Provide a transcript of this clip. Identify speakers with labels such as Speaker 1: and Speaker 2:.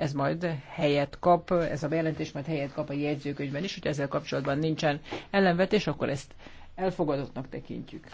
Speaker 1: ez majd helyet kap, ez a bejelentés majd helyet kap a jegyzőkönyvben is, hogy ezzel kapcsolatban nincsen ellenvetés, akkor ezt elfogadottnak tekintjük.